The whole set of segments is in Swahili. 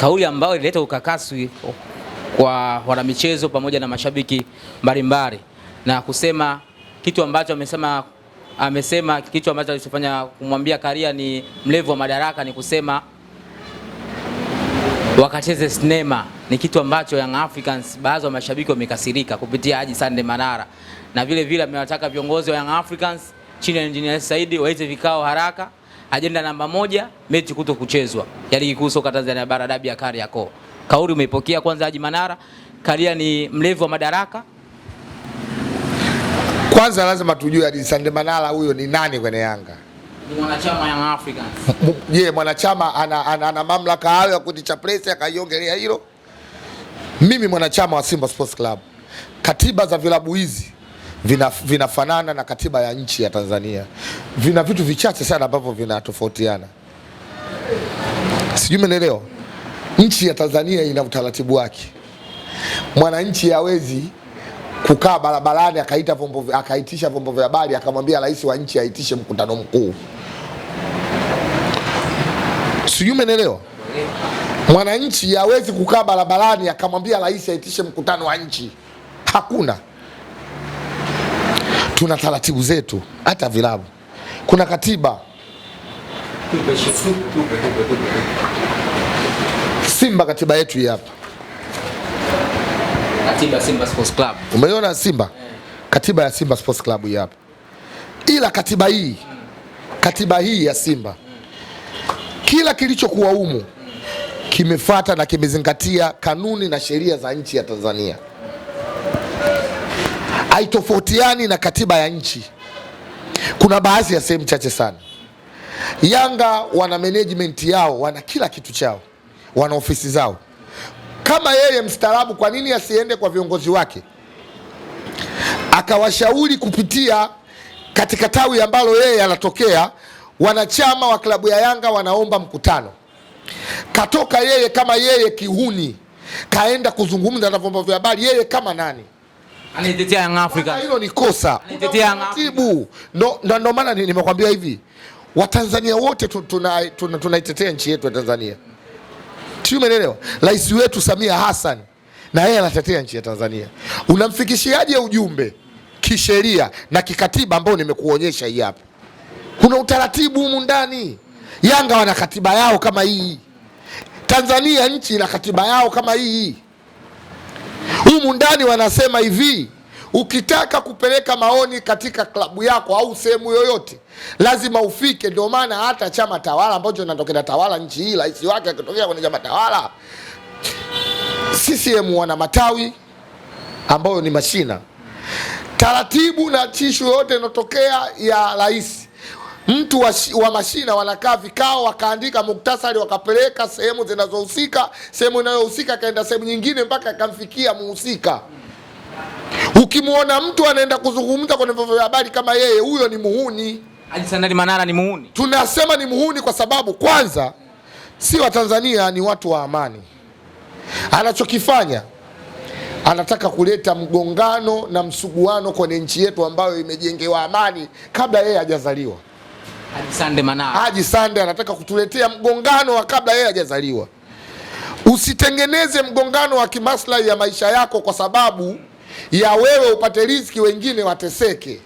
kauli ambayo ilileta ukakasi kwa wanamichezo pamoja na mashabiki mbalimbali na kusema kitu ambacho amesema amesema kitu ambacho alichofanya kumwambia Karia ni mlevu wa madaraka ni kusema wakacheze sinema ni kitu ambacho Young Africans baadhi ya mashabiki wamekasirika kupitia Haji Sande Manara, na vile vile amewataka viongozi wa Young Africans chini ya Engineer Saidi waite vikao haraka ajenda namba moja, mechi kuto kuchezwa ya ligi kuu soka Tanzania bara, dabi ya Kariakoo. Kauli umeipokea kwanza, Haji Manara. Karia ni mlevu wa madaraka. Kwanza lazima tujue Haji Sande Manara huyo ni nani kwenye Yanga? Ni mwanachama Young Africans. Je, mwanachama ana, ana, ana mamlaka hayo ya kuitisha press akaiongelea hilo? Mimi mwanachama wa Simba Sports Club, katiba za vilabu hizi vina, vinafanana na katiba ya nchi ya Tanzania. Vina vitu vichache sana ambavyo vinatofautiana, sijui mnaelewa. Nchi ya Tanzania ina utaratibu wake. Mwananchi hawezi kukaa barabarani akaita vyombo akaitisha vyombo vya habari akamwambia rais wa nchi aitishe mkutano mkuu, sijui mnaelewa. Mwananchi hawezi kukaa barabarani akamwambia rais aitishe mkutano wa nchi, hakuna tuna taratibu zetu, hata vilabu kuna katiba. Simba katiba yetu hii hapa, katiba Simba Sports Club. Umeona Simba katiba ya Simba Sports Club hii hapa, ila katiba hii katiba hii ya Simba kila kilichokuwa humu kimefata na kimezingatia kanuni na sheria za nchi ya Tanzania haitofautiani na katiba ya nchi. Kuna baadhi ya sehemu chache sana. Yanga wana management yao, wana kila kitu chao, wana ofisi zao. Kama yeye mstaarabu, kwa nini asiende kwa viongozi wake akawashauri kupitia katika tawi ambalo yeye anatokea? Wanachama wa klabu ya Yanga wanaomba mkutano, katoka yeye kama yeye kihuni, kaenda kuzungumza na vyombo vya habari, yeye kama nani? Anaitetea Young Africans. Hilo ni kosa. Anaitetea Young No, Ndo no, maana nimekwambia hivi. Watanzania wote tunaitetea tuna, tuna, tuna nchi yetu ya Tanzania. umeelewa? Rais wetu Samia Hassan na yeye anatetea nchi ya Tanzania. Unamfikishiaje ujumbe kisheria na kikatiba ambao nimekuonyesha hii hapa? Kuna utaratibu humu ndani. Yanga wana katiba yao kama hii. Tanzania nchi ina katiba yao kama hii. Humu ndani wanasema hivi, ukitaka kupeleka maoni katika klabu yako au sehemu yoyote lazima ufike. Ndio maana hata chama tawala ambacho natokea tawala nchi hii, rais wake akitokea kwenye chama tawala CCM wana matawi ambayo ni mashina. Taratibu na tishu yote inayotokea ya rais mtu wa, wa mashina wanakaa vikao, wakaandika muktasari, wakapeleka sehemu zinazohusika, sehemu inayohusika akaenda sehemu nyingine mpaka akamfikia muhusika. Ukimwona mtu anaenda kuzungumza kwenye vyombo vya habari kama yeye, huyo ni muhuni. Alisandali Manara ni muhuni. Tunasema ni muhuni kwa sababu kwanza, si Watanzania, ni watu wa amani. Anachokifanya anataka kuleta mgongano na msuguano kwenye nchi yetu ambayo imejengewa amani kabla yeye hajazaliwa. Haji Sande Manara. Haji Sande anataka kutuletea mgongano wa kabla yeye hajazaliwa. Usitengeneze mgongano wa kimaslahi ya maisha yako kwa sababu ya wewe upate riziki, wengine wateseke.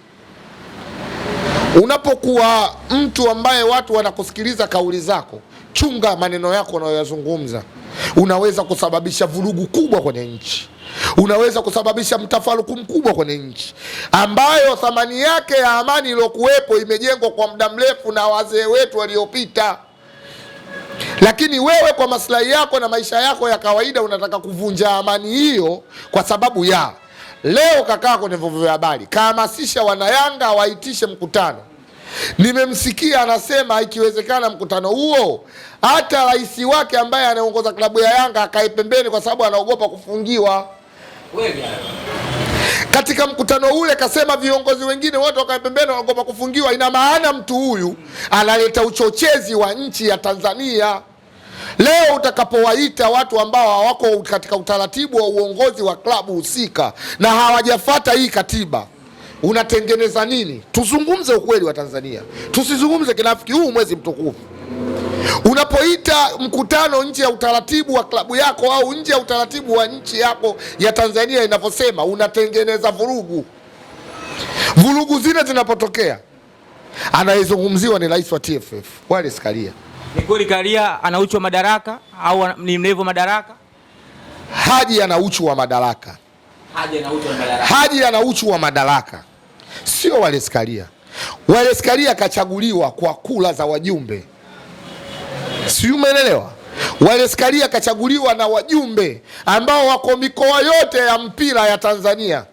Unapokuwa mtu ambaye watu wanakusikiliza kauli zako, chunga maneno yako unayoyazungumza, unaweza kusababisha vurugu kubwa kwenye nchi unaweza kusababisha mtafaruku mkubwa kwenye nchi ambayo thamani yake ya amani iliyokuwepo imejengwa kwa muda mrefu na wazee wetu waliopita. Lakini wewe kwa maslahi yako na maisha yako ya kawaida unataka kuvunja amani hiyo kwa sababu ya leo. Kakaa kwenye vyombo vya habari, kahamasisha wanayanga waitishe mkutano. Nimemsikia anasema ikiwezekana mkutano huo hata rais wake ambaye anaongoza klabu ya Yanga akae pembeni, kwa sababu anaogopa kufungiwa. Katika mkutano ule kasema viongozi wengine wote wakae pembeni, wanaogopa kufungiwa. Ina maana mtu huyu analeta uchochezi wa nchi ya Tanzania. Leo utakapowaita watu ambao hawako katika utaratibu wa uongozi wa klabu husika na hawajafata hii katiba, unatengeneza nini? Tuzungumze ukweli wa Tanzania, tusizungumze kinafiki huu mwezi mtukufu Unapoita mkutano nje ya utaratibu wa klabu yako au nje ya utaratibu wa nchi yako ya Tanzania inavyosema, unatengeneza vurugu. Vurugu zile zinapotokea, anayezungumziwa ni rais wa TFF Wallace Karia. Ni kweli Karia ana uchu wa madaraka au ni mlevu wa madaraka? Haji ana uchu wa madaraka. Haji ana uchu wa madaraka, sio Wallace Karia. Wallace Karia kachaguliwa kwa kula za wajumbe si umeelewa? Wallace Karia akachaguliwa na wajumbe ambao wako mikoa yote ya mpira ya Tanzania.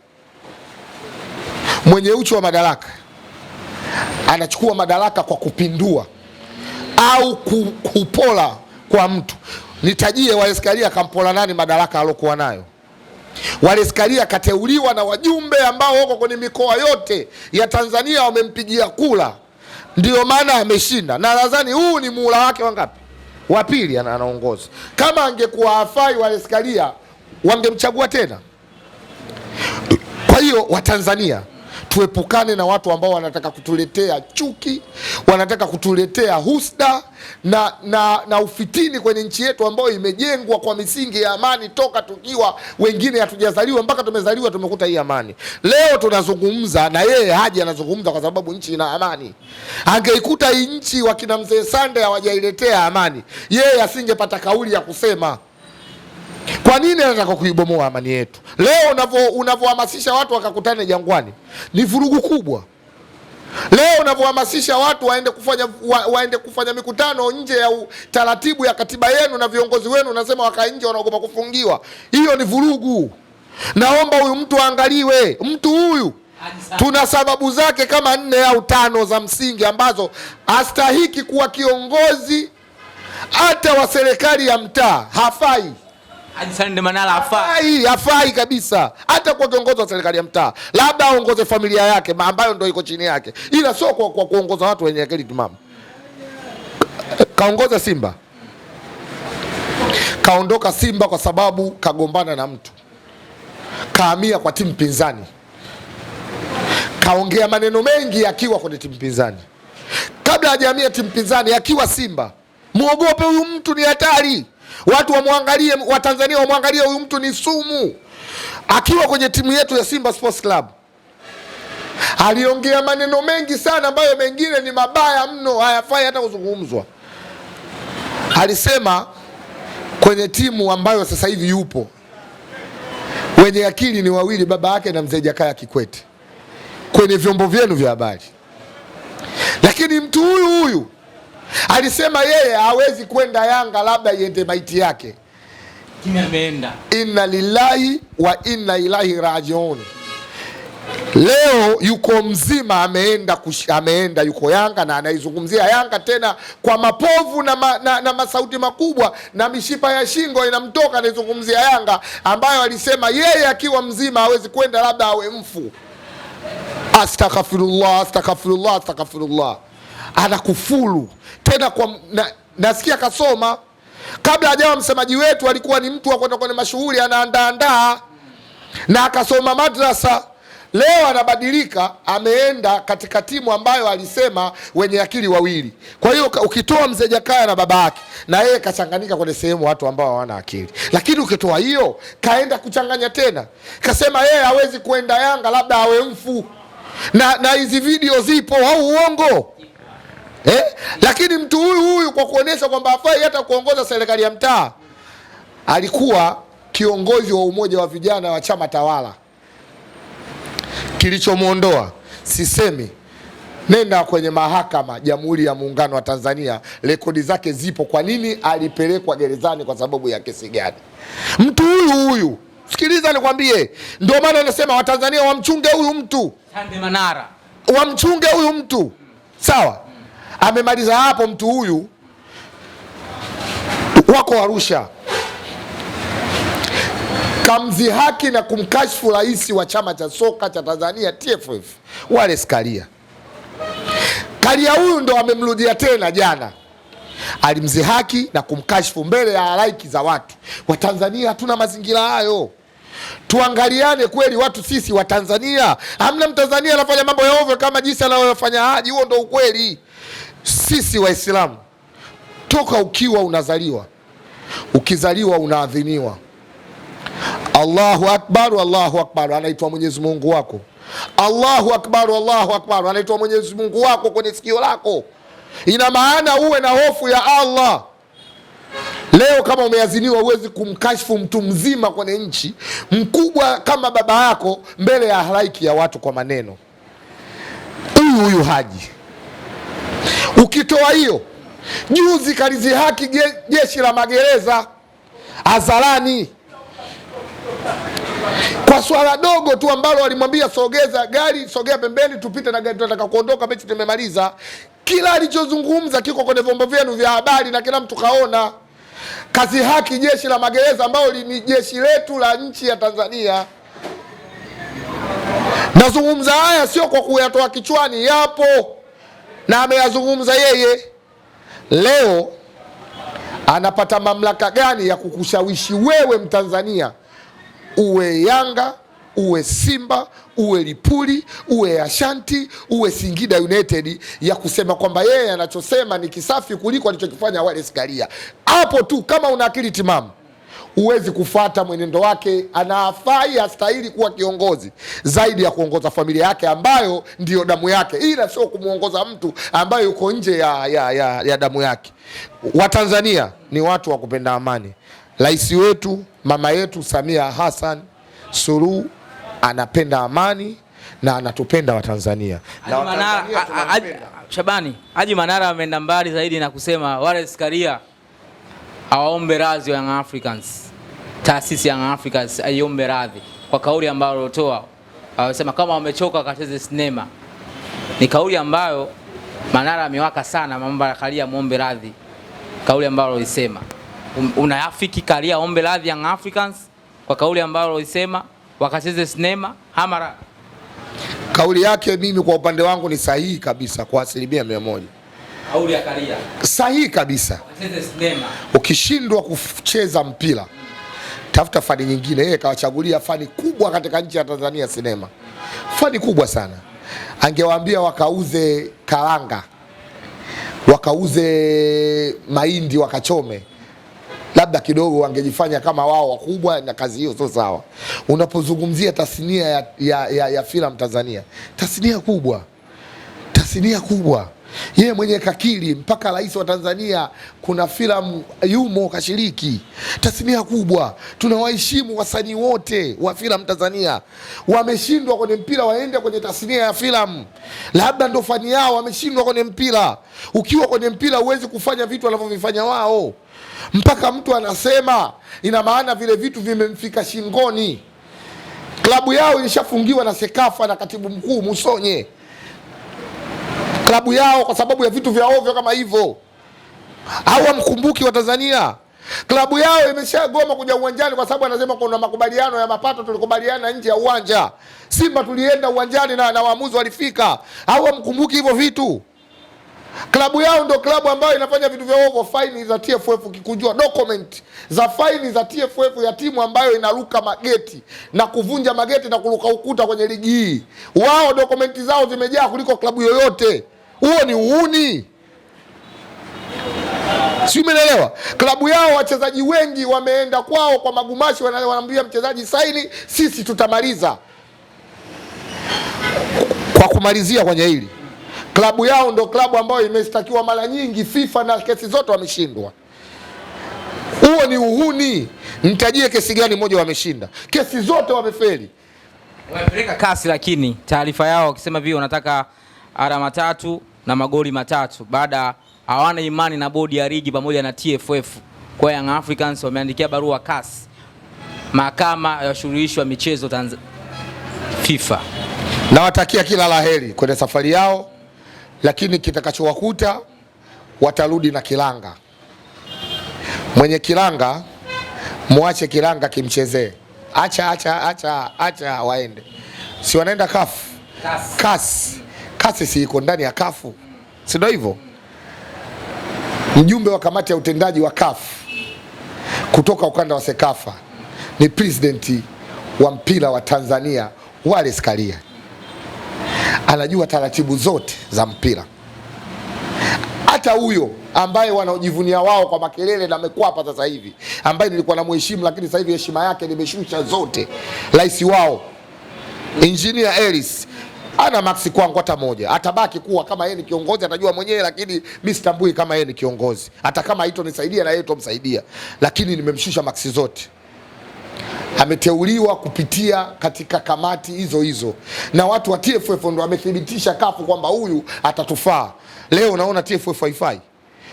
Mwenye uchu wa madaraka anachukua madaraka kwa kupindua au kupola kwa mtu. Nitajie Wallace Karia akampola nani madaraka aliokuwa nayo? Wallace Karia akateuliwa na wajumbe ambao wako kwenye mikoa yote ya Tanzania, wamempigia kula, ndiyo maana ameshinda, na nadhani huu ni muhula wake wangapi? wa pili anaongoza. Kama angekuwa hafai wale Sikaria wangemchagua tena. Kwa hiyo Watanzania tuepukane na watu ambao wanataka kutuletea chuki, wanataka kutuletea husda na, na, na ufitini kwenye nchi yetu ambayo imejengwa kwa misingi ya amani toka tukiwa wengine hatujazaliwa mpaka tumezaliwa, tumekuta hii amani. Leo tunazungumza na yeye haji anazungumza kwa sababu nchi ina amani. Angeikuta hii nchi wakina mzee Sande hawajailetea amani, yeye asingepata kauli ya kusema. Kwa nini anataka kuibomoa amani yetu? Leo unavyohamasisha watu wakakutane Jangwani ni vurugu kubwa. Leo unavyohamasisha watu waende kufanya, wa, waende kufanya mikutano nje ya taratibu ya katiba yenu na viongozi wenu, unasema wakae nje, wanaogopa kufungiwa. Hiyo ni vurugu. Naomba huyu mtu aangaliwe. Mtu huyu tuna sababu zake kama nne au tano za msingi ambazo hastahiki kuwa kiongozi hata wa serikali ya mtaa, hafai hafai, afai kabisa, hata kwa kiongozi wa serikali ya mtaa, labda aongoze familia yake ambayo ndio iko chini yake, ila sio kwa, kwa kuongoza watu wenye akili timamu. Kaongoza Simba, kaondoka Simba kwa sababu kagombana na mtu, kaamia kwa timu pinzani, kaongea maneno mengi akiwa kwenye timu pinzani, kabla hajahamia timu pinzani, akiwa Simba. Muogope huyu mtu, ni hatari watu wamwangalie, Watanzania wamwangalie huyu mtu ni sumu. Akiwa kwenye timu yetu ya Simba Sports Club aliongea maneno mengi sana ambayo mengine ni mabaya mno, hayafai hata kuzungumzwa. Alisema kwenye timu ambayo sasa hivi yupo, wenye akili ni wawili, baba yake na mzee Jakaya Kikwete, kwenye vyombo vyenu vya habari, lakini mtu huyu huyu Alisema yeye hawezi kwenda Yanga, labda iende maiti yake. Inna lillahi wa inna ilahi rajiun. Leo yuko mzima, ameenda kush, ameenda yuko Yanga na anaizungumzia Yanga tena kwa mapovu na, ma, na, na masauti makubwa na mishipa ya shingo inamtoka, anaizungumzia Yanga ambayo alisema yeye akiwa mzima hawezi kwenda labda awe mfu. Astaghfirullah, astaghfirullah, astaghfirullah anakufuru tena kwa na, nasikia kasoma kabla hajawa msemaji wetu, alikuwa ni mtu wa kwenda kwenye mashughuli anaandaandaa na akasoma madrasa. Leo anabadilika, ameenda katika timu ambayo alisema wenye akili wawili. Kwa hiyo ukitoa mzee Jakaya na baba yake, na yeye kachanganyika kwenye sehemu watu ambao hawana akili, lakini ukitoa hiyo, kaenda kuchanganya tena, kasema yeye hawezi kuenda Yanga, labda awe mfu na na hizi video zipo au uongo? eh? Lakini mtu huyu huyu kwa kuonesha kwamba afai hata kuongoza serikali ya mtaa, alikuwa kiongozi wa umoja wa vijana wa chama tawala. Kilichomwondoa sisemi, nenda kwenye mahakama Jamhuri ya Muungano wa Tanzania, rekodi zake zipo. Kwa nini alipelekwa gerezani? Kwa sababu ya kesi gani? Mtu huyu huyu, sikiliza nikwambie, ndio maana anasema Watanzania wamchunge huyu mtu, wamchunge huyu mtu, sawa Amemaliza hapo mtu huyu, wako Arusha, kamdhihaki na kumkashfu rais wa chama cha soka cha Tanzania TFF Wallace Karia. Karia huyu ndo amemrudia tena jana, alimdhihaki na kumkashfu mbele ya halaiki za watu. Watanzania hatuna mazingira hayo. Tuangaliane kweli watu, sisi wa tanzania hamna Mtanzania anafanya mambo ya ovyo kama jinsi anayofanya Haji. Huo ndo ukweli. Sisi Waislamu toka ukiwa unazaliwa, ukizaliwa unaadhiniwa, Allahu akbar, Allahu akbar, anaitwa Mwenyezi Mungu wako. Allahu akbar, Allahu akbar, anaitwa Mwenyezi Mungu wako kwenye sikio lako. Ina maana uwe na hofu ya Allah. Leo kama umeaziniwa, huwezi kumkashfu mtu mzima kwenye nchi, mkubwa kama baba yako, mbele ya halaiki ya watu kwa maneno. Huyu huyu Haji Ukitoa hiyo, juzi kalizihaki jeshi la magereza hadharani kwa swala dogo tu ambalo walimwambia sogeza gari, sogea pembeni, tupite na gari, tunataka kuondoka, mechi tumemaliza. Kila alichozungumza kiko kwenye vyombo vyenu vya habari na kila mtu kaona. Kazi haki jeshi la magereza ambao ni jeshi letu la nchi ya Tanzania. Nazungumza haya sio kwa kuyatoa kichwani, yapo na ameyazungumza yeye. Leo anapata mamlaka gani ya kukushawishi wewe Mtanzania uwe Yanga uwe Simba uwe Lipuli uwe Ashanti uwe Singida United, ya kusema kwamba yeye anachosema ni kisafi kuliko alichokifanya Wallace Karia? Hapo tu kama una akili timamu huwezi kufata mwenendo wake. Anaafai, astahili kuwa kiongozi zaidi ya kuongoza familia yake ambayo ndiyo damu yake, ila sio kumwongoza mtu ambaye yuko nje ya, ya, ya, ya damu yake. Watanzania ni watu wa kupenda amani. Rais wetu mama yetu Samia Hassan Suluhu anapenda amani na anatupenda Watanzania. Haji Manara ameenda mbali zaidi na kusema Wallace Karia awaombe radhi Young Africans, taasisi ya Young Africans aiombe radhi kwa kauli ambayo aliotoa, awasema kama wamechoka wakacheze sinema. Ni kauli ambayo Manara amewaka sana, Mamba Kalia muombe radhi kauli ambayo alisema. Um, unayafiki Kalia ombe radhi Young Africans kwa kauli ambayo alisema wakacheze sinema hamara. Kauli yake mimi kwa upande wangu ni sahihi kabisa kwa asilimia mia moja. Sahihi kabisa. Ukishindwa kucheza mpira, tafuta fani nyingine. Yeye kawachagulia fani kubwa katika nchi ya Tanzania, sinema, fani kubwa sana. Angewaambia wakauze karanga, wakauze mahindi, wakachome labda kidogo wangejifanya kama wao wakubwa, na kazi hiyo sio sawa. Unapozungumzia tasnia ya, ya, ya, ya filamu Tanzania, tasnia kubwa, tasnia kubwa yeye mwenye kakili mpaka rais wa Tanzania kuna filamu yumo kashiriki. Tasnia kubwa, tunawaheshimu wasanii wote wa filamu Tanzania. Wameshindwa kwenye mpira, waende kwenye tasnia ya filamu, labda ndo fani yao. Wameshindwa kwenye mpira. Ukiwa kwenye mpira huwezi kufanya vitu wanavyovifanya wao, mpaka mtu anasema, ina maana vile vitu vimemfika shingoni. Klabu yao ilishafungiwa na Sekafa na katibu mkuu Musonye klabu yao kwa sababu ya vitu vya ovyo kama hivyo, au amkumbuki wa Tanzania? Klabu yao imeshagoma kuja uwanjani kwa sababu anasema kuna makubaliano ya mapato, tulikubaliana nje ya uwanja. Simba tulienda uwanjani na, na waamuzi walifika. Au amkumbuki hivyo vitu? Klabu yao ndio klabu ambayo inafanya vitu vya ovyo. Faini za TFF kikujua document za faini za TFF ya timu ambayo inaruka mageti na kuvunja mageti na kuruka ukuta kwenye ligi hii, wao dokumenti zao zimejaa kuliko klabu yoyote huo ni uuni, si umeelewa? Klabu yao wachezaji wengi wameenda kwao kwa magumashi, wanamwambia mchezaji saini, sisi tutamaliza. Kwa kumalizia kwenye hili, klabu yao ndo klabu ambayo imeshtakiwa mara nyingi FIFA na kesi zote wameshindwa. Huo ni uhuni. Nitajie kesi gani moja wameshinda? Kesi zote wamefeli. Wamepeleka kasi, lakini taarifa yao wakisema vio wanataka alama tatu na magoli matatu baada hawana imani na bodi ya ligi pamoja na TFF. Kwa Young Africans wameandikia barua CAS, mahakama ya washuruhishi wa michezo Tanz FIFA. Nawatakia kila laheri kwenye safari yao, lakini kitakachowakuta watarudi na kiranga. Mwenye kiranga muache kiranga kimchezee, acha acha acha acha waende, si wanaenda kafu CAS si iko ndani ya kafu, si ndio hivyo? Mjumbe wa kamati ya utendaji wa kafu kutoka ukanda wa Sekafa ni presidenti wa mpira wa Tanzania Wallace Karia, anajua taratibu zote za mpira. Hata huyo ambaye wanaojivunia wao kwa makelele na mekwapa sasa hivi, ambaye nilikuwa namheshimu, lakini sasa hivi heshima yake nimeshusha zote, rais wao Engineer Ellis ana maksi kwangu hata moja, atabaki kuwa kama yeye ni kiongozi, atajua mwenyewe, lakini mimi sitambui kama yeye ni kiongozi. Hata kama hitonisaidia na yeye tomsaidia, lakini nimemshusha maksi zote. Ameteuliwa kupitia katika kamati hizo hizo, na watu wa TFF ndo wamethibitisha kafu kwamba huyu atatufaa. Leo naona TFF haifai.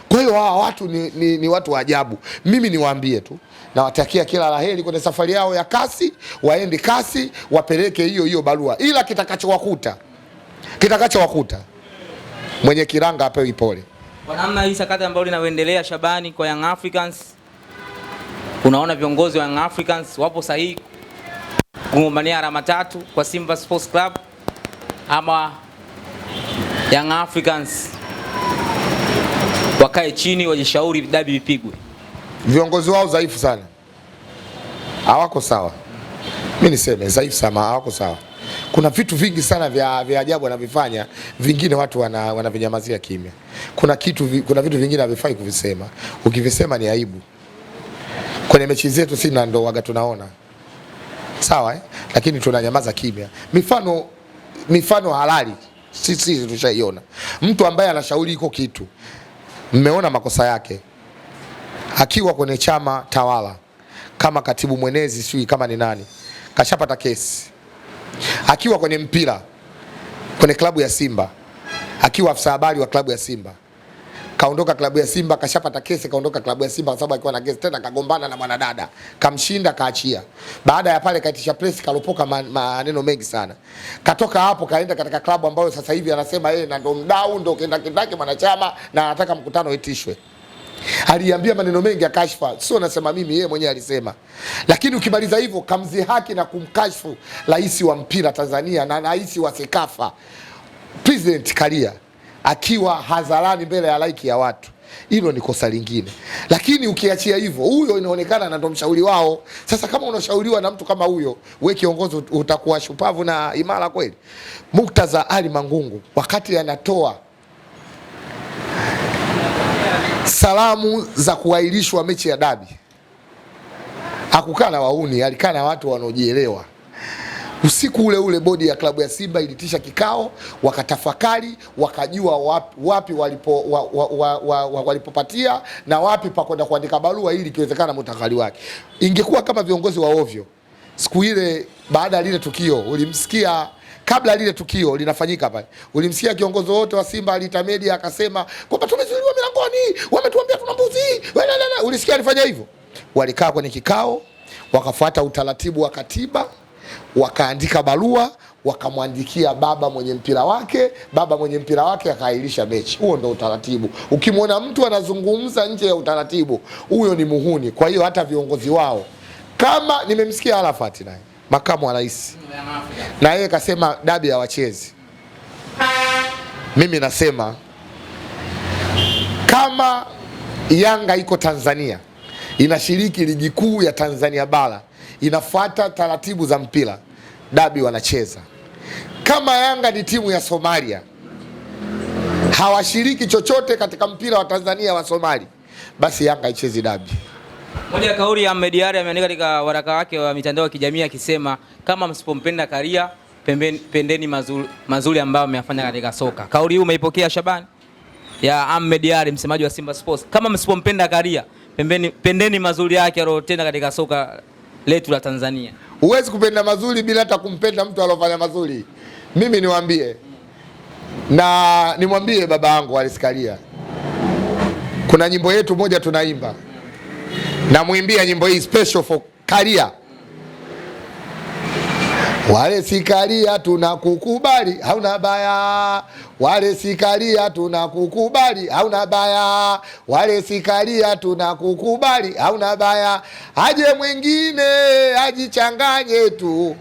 Kwa hiyo hawa watu ni, ni, ni watu wa ajabu. Mimi niwaambie tu Nawatakia kila laheri kwenye safari yao ya kasi, waende kasi, wapeleke hiyo hiyo barua, ila kitakachowakuta kitakachowakuta mwenye kiranga apewi pole. Kwa namna hii sakata ambayo linaendelea Shabani, kwa Young Africans, unaona viongozi wa Young Africans wapo sahihi kugombania alama tatu kwa Simba Sports Club ama Young Africans wakae chini wajishauri, dabi ipigwe viongozi wao dhaifu sana, hawako sawa. Mimi niseme dhaifu sana, hawako sawa. Kuna vitu vingi sana vya, vya ajabu wanavifanya, vingine watu wanavinyamazia wana kimya. Kuna kitu, kuna vitu vingine havifai kuvisema, ukivisema ni aibu. Kwenye mechi zetu si na ndo waga tunaona sawa eh? Lakini tunanyamaza kimya. Mifano, mifano halali sisi tushaiona, mtu ambaye anashauri iko kitu, mmeona makosa yake akiwa kwenye chama tawala kama katibu mwenezi, sijui kama ni nani, kashapata kesi. Akiwa kwenye mpira kwenye klabu ya Simba, akiwa afisa habari wa klabu ya Simba, kaondoka klabu ya Simba, kashapata kesi, kaondoka klabu ya Simba kwa sababu alikuwa na kesi tena, kagombana na mwanadada, kamshinda, kaachia. Baada ya pale, kaitisha press, kalopoka maneno mengi sana. Katoka hapo, kaenda katika klabu ambayo sasa hivi anasema yeye ndo mdau, ndo kenda kindake mwanachama, na anataka mkutano itishwe aliambia maneno mengi ya kashfa, sio nasema mimi, yeye mwenyewe alisema. Lakini ukimaliza hivyo, kamzi haki na kumkashfu rais wa mpira Tanzania na rais wa Sekafa President Karia akiwa hadharani mbele ya laiki ya watu, hilo ni kosa lingine. Lakini ukiachia hivyo, huyo inaonekana na ndo mshauri wao. Sasa kama unashauriwa na mtu kama huyo, we kiongozi utakuwa shupavu na imara kweli? Muktaza Ali Mangungu wakati anatoa salamu za kuahirishwa mechi ya dabi. Hakukaa na wauni, alikaa na watu wanaojielewa. Usiku ule ule bodi ya klabu ya Simba ilitisha kikao, wakatafakari, wakajua wapi, wapi walipo wa, wa, wa, wa, walipopatia na wapi pa kwenda kuandika barua ili ikiwezekana mutakali wake. Ingekuwa kama viongozi wa ovyo siku ile, baada ya lile tukio ulimsikia kabla lile tukio linafanyika pale, ulimsikia kiongozi wote wa Simba alitamedia akasema kwamba tumezuia wametuambia tuna mbuzi. Ulisikia alifanya hivyo? Walikaa kwenye kikao, wakafuata utaratibu wa katiba, wakaandika barua, wakamwandikia baba mwenye mpira wake. Baba mwenye mpira wake akaahirisha mechi. Huo ndo utaratibu. Ukimwona mtu anazungumza nje ya utaratibu, huyo ni muhuni. Kwa hiyo hata viongozi wao kama nimemsikia Arafat naye makamu wa rais na yeye kasema dabi ya wachezi, Mimi nasema kama Yanga iko Tanzania, inashiriki ligi kuu ya Tanzania bara, inafuata taratibu za mpira, dabi wanacheza. Kama Yanga ni timu ya Somalia, hawashiriki chochote katika mpira wa Tanzania wa Somali, basi Yanga haichezi dabi. Moja ya kauli ya Ahmed Ally ameandika katika waraka wake wa mitandao ya kijamii akisema, kama msipompenda Karia pendeni mazuri, mazuri ambayo ameyafanya katika soka. Kauli hii umeipokea Shabani? ya Ahmed Ally, msemaji wa Simba Sports. Kama msipompenda Karia, pembeni pendeni mazuri yake aliyotenda katika soka letu la Tanzania. Huwezi kupenda mazuri bila hata kumpenda mtu aliyofanya mazuri. Mimi niwaambie na nimwambie baba yangu Alice kuna nyimbo yetu moja tunaimba, namwimbia nyimbo hii special for Karia. Wale sikaria tunakukubali, hauna baya. Wale sikaria tunakukubali, hauna baya. Wale sikaria tunakukubali, hauna baya. Aje mwingine ajichanganye tu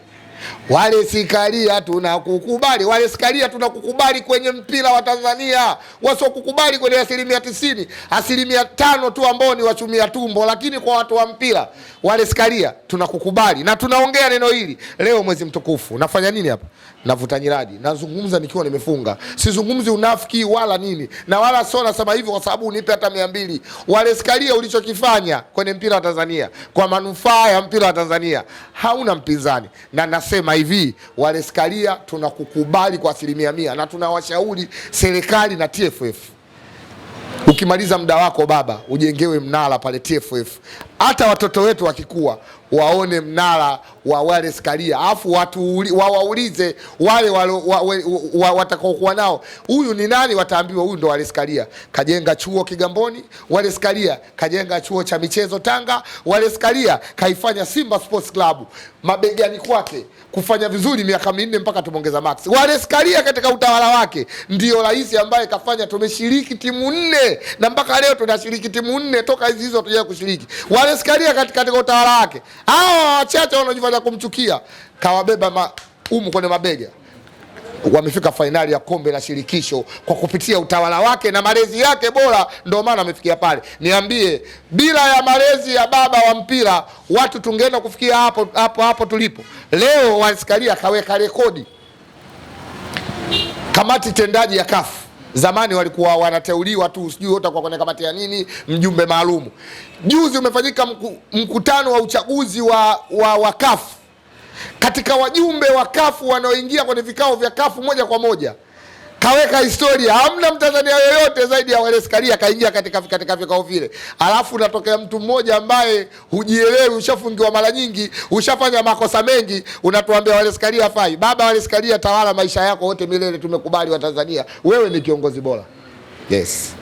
wale Sikaria tunakukubali, wale Sikaria tunakukubali kwenye mpira wa Tanzania. Wasiokukubali kwenye asilimia tisini, asilimia tano tu ambao ni wachumia tumbo, lakini kwa watu wa mpira, wale Sikaria tunakukubali na tunaongea neno hili leo, mwezi mtukufu. Nafanya nini hapa? Navuta nyiradi, nazungumza nikiwa nimefunga, sizungumzi unafiki wala nini, na wala sio nasema hivyo kwa sababu unipe hata mia mbili. Wale Sikaria, ulichokifanya kwenye mpira wa Tanzania kwa manufaa ya mpira wa Tanzania hauna mpinzani na anasema hivi Waleskaria, tunakukubali kwa asilimia mia na tunawashauri serikali na TFF, ukimaliza muda wako baba, ujengewe mnara pale TFF hata watoto wetu wakikua waone mnara wa Wallace Karia, afu watu wawaulize wale wa, wa, wa, watakaokuwa nao huyu ni nani, wataambiwa huyu ndo Wallace Karia kajenga chuo Kigamboni, Wallace Karia kajenga chuo cha michezo Tanga, Wallace Karia kaifanya Simba Sports Club mabegani kwake kufanya vizuri miaka minne mpaka tumongeza max. Wallace Karia katika utawala wake ndio rais ambaye kafanya, tumeshiriki timu nne na mpaka leo tunashiriki timu nne toka hizo hizo tujaye kushiriki Wallace Haris katika utawala wake, hawa wachache wanaojifanya kumchukia kawabeba ma, umu kwenye mabega wamefika fainali ya kombe la shirikisho kwa kupitia utawala wake na malezi yake bora, ndio maana amefikia pale. Niambie, bila ya malezi ya baba wa mpira watu tungeenda kufikia hapo hapo hapo tulipo leo. Waskaria kaweka rekodi kamati tendaji ya kafu Zamani walikuwa wanateuliwa tu, sijui utakuwa kwenye kamati ya nini, mjumbe maalum Juzi umefanyika mkutano wa uchaguzi wa, wa, wa kafu. Katika wajumbe wa kafu wanaoingia kwenye vikao vya kafu moja kwa moja kaweka historia. Hamna Mtanzania yoyote zaidi ya Wallace Karia kaingia katika katika vikao vile, alafu unatokea mtu mmoja ambaye hujielewi, ushafungiwa mara nyingi, ushafanya makosa mengi, unatuambia Wallace Karia fai. Baba Wallace Karia, tawala maisha yako wote milele, tumekubali Watanzania, wewe ni kiongozi bora. Yes.